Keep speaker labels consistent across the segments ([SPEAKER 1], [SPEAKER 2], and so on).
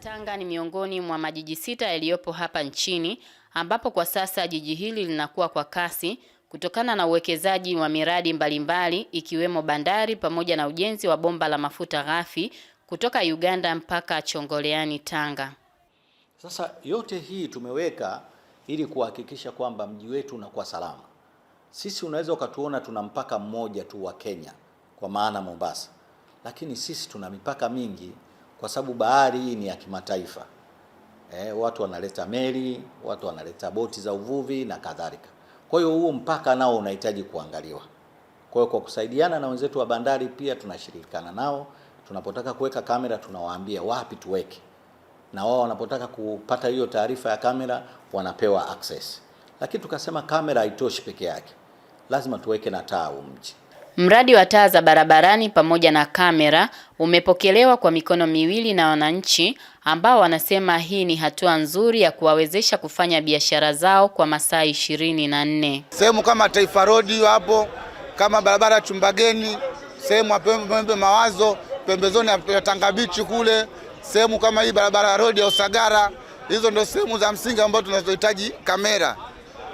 [SPEAKER 1] Tanga ni miongoni mwa majiji sita yaliyopo hapa nchini ambapo kwa sasa jiji hili linakuwa kwa kasi kutokana na uwekezaji wa miradi mbalimbali mbali, ikiwemo bandari pamoja na ujenzi wa bomba la mafuta ghafi kutoka Uganda mpaka Chongoleani Tanga.
[SPEAKER 2] Sasa yote hii tumeweka ili kuhakikisha kwamba mji wetu unakuwa salama. Sisi unaweza ukatuona tuna mpaka mmoja tu wa Kenya kwa maana Mombasa, lakini sisi tuna mipaka mingi kwa sababu bahari hii ni ya kimataifa. E, watu wanaleta meli, watu wanaleta boti za uvuvi na kadhalika. Kwa hiyo huo mpaka nao unahitaji kuangaliwa. Kwa hiyo kwa kusaidiana na wenzetu wa bandari pia tunashirikiana nao, tunapotaka kuweka kamera tunawaambia wapi tuweke, na wao wanapotaka kupata hiyo taarifa ya kamera wanapewa access. Lakini tukasema kamera haitoshi peke yake, lazima tuweke na taa mji
[SPEAKER 1] Mradi wa taa za barabarani pamoja na kamera umepokelewa kwa mikono miwili na wananchi ambao wanasema hii ni hatua nzuri ya kuwawezesha kufanya biashara zao kwa masaa ishirini na nne.
[SPEAKER 3] Sehemu kama Taifa Road hapo, kama barabara ya Chumbageni, sehemu ya Pembe Mawazo, pembezoni ya Tangabichi kule, sehemu kama hii barabara ya road ya Usagara, hizo ndio sehemu za msingi ambazo tunazohitaji kamera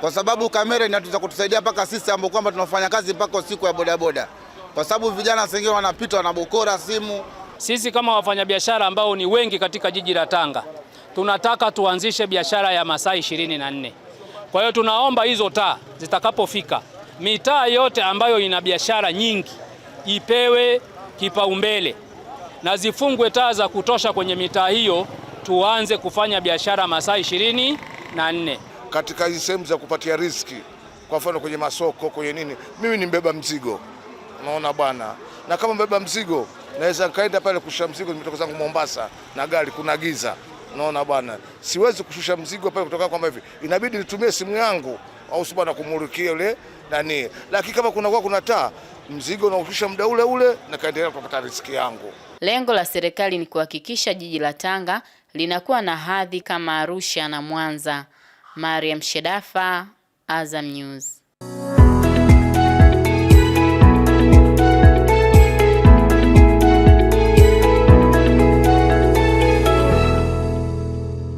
[SPEAKER 3] kwa sababu kamera inatuza kutusaidia mpaka sisi ambao kwamba tunafanya kazi mpaka usiku ya bodaboda, kwa sababu vijana sengine wanapita wanabokora simu.
[SPEAKER 4] Sisi kama wafanyabiashara ambao ni wengi katika jiji la Tanga tunataka tuanzishe biashara ya masaa ishirini na nne. Kwa hiyo tunaomba hizo taa zitakapofika mitaa yote ambayo ina biashara nyingi ipewe kipaumbele na zifungwe taa za kutosha kwenye mitaa hiyo, tuanze kufanya biashara masaa ishirini na nne
[SPEAKER 5] katika hizi sehemu za kupatia riski, kwa mfano kwenye masoko, kwenye nini. Mimi ni mbeba mzigo, unaona bwana, na kama mbeba mzigo naweza nikaenda pale kushusha mzigo, nimetoka zangu Mombasa na gari, kuna giza, unaona bwana, siwezi kushusha mzigo pale kutoka kwamba hivi, inabidi nitumie simu yangu au si bwana, kumulikia yule nani. Lakini kama kunakuwa kuna taa, mzigo naushusha muda ule ule, nikaendelea kupata riski yangu.
[SPEAKER 1] Lengo la serikali ni kuhakikisha jiji la Tanga linakuwa na hadhi kama Arusha na Mwanza. Mariam Shedafa, Azam News.